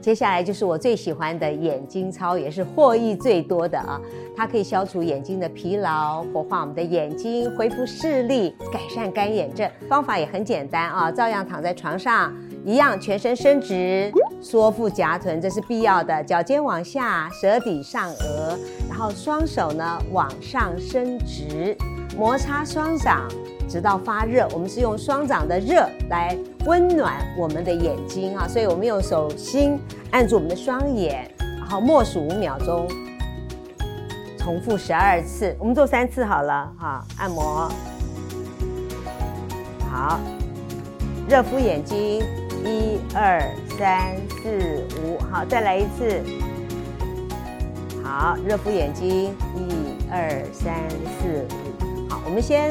接下來就是我最喜歡的眼睛操，也是獲益最多的啊！它可以消除眼睛的疲勞，活化我們的眼睛，回復視力，改善乾眼症。方法也很簡單啊，照樣躺在床上，一樣全身伸直，縮腹夾臀，這是必要的。腳尖往下，舌抵上顎，然後雙手呢往上伸直，摩擦雙掌，直到發熱。我們是用雙掌的熱來溫暖我們的眼睛啊，所以我們用手心。按住我們的雙眼，然後默數五秒鐘，重複十二次。我們做三次好了哈，按摩，好，熱敷眼睛，一二三四五，好，再來一次，好，熱敷眼睛，一二三四五，好，我們先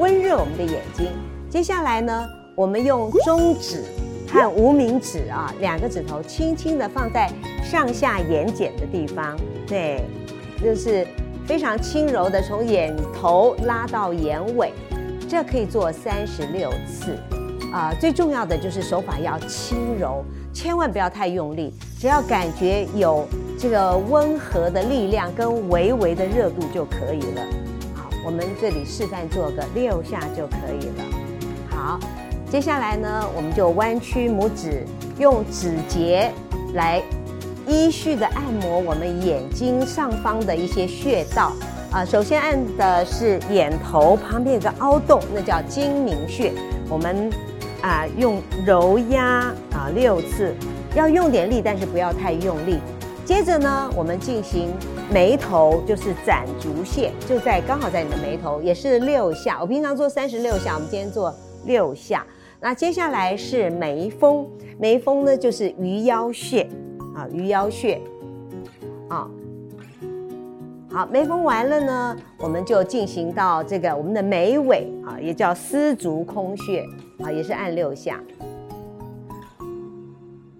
溫熱我們的眼睛，接下來呢，我們用中指。無名指啊，兩個指頭輕輕的放在上下眼瞼的地方，對，就是非常輕柔的從眼頭拉到眼尾，這可以做三十六次，啊、呃，最重要的就是手法要輕柔，千萬不要太用力，只要感覺有這個溫和的力量跟微微的熱度就可以了。好，我們這裡示範做個六下就可以了。好。接下來呢，我們就彎曲拇指，用指節來依序的按摩我們眼睛上方的一些穴道。啊、呃，首先按的是眼頭旁邊有個凹洞，那叫睛明穴。我們啊、呃、用揉壓啊、呃、六次，要用點力，但是不要太用力。接着呢，我們進行眉頭，就是攢竹穴，就在剛好在你的眉頭，也是六下。我平常做三十六下，我們今天做六下。那接下來是眉峰，眉峰呢，就是魚腰穴啊，魚腰穴，啊，好，眉峰完了呢，我們就進行到這個我們的眉尾啊，也叫絲竹空穴啊，也是按六下。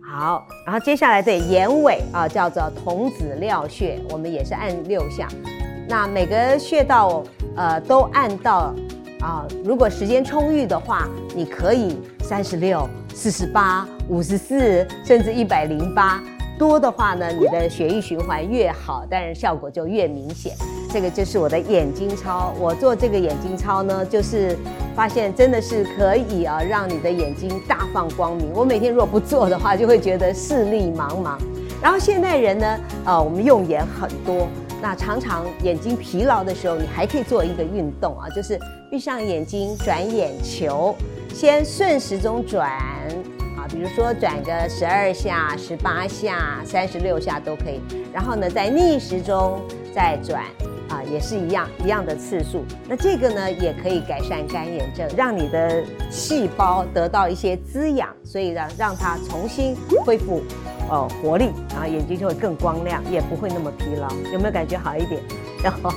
好，然後接下來這眼尾啊，叫做瞳子髎穴，我們也是按六下。那每個穴道呃都按到。啊，如果時間充裕的話，你可以三十六、四十八、五十四，甚至一百零八。多的話呢，你的血液循環越好，但是效果就越明顯。這個就是我的眼睛操。我做這個眼睛操呢，就是發現真的是可以啊，讓你的眼睛大放光明。我每天如果不做的話，就會覺得視力茫茫。然後現代人呢，啊，我們用眼很多。那常常眼睛疲勞的時候，你還可以做一個運動啊，就是閉上眼睛轉眼球，先順時鐘轉啊，比如說轉個十二下、十八下、三十六下都可以。然後呢，在逆時鐘再轉，啊，也是一樣一樣的次數。那這個呢，也可以改善乾眼症，讓你的細胞得到一些滋養，所以讓讓它重新恢復。哦，活力，然後眼睛就會更光亮，也不會那麼疲勞，有沒有感覺好一點？然後。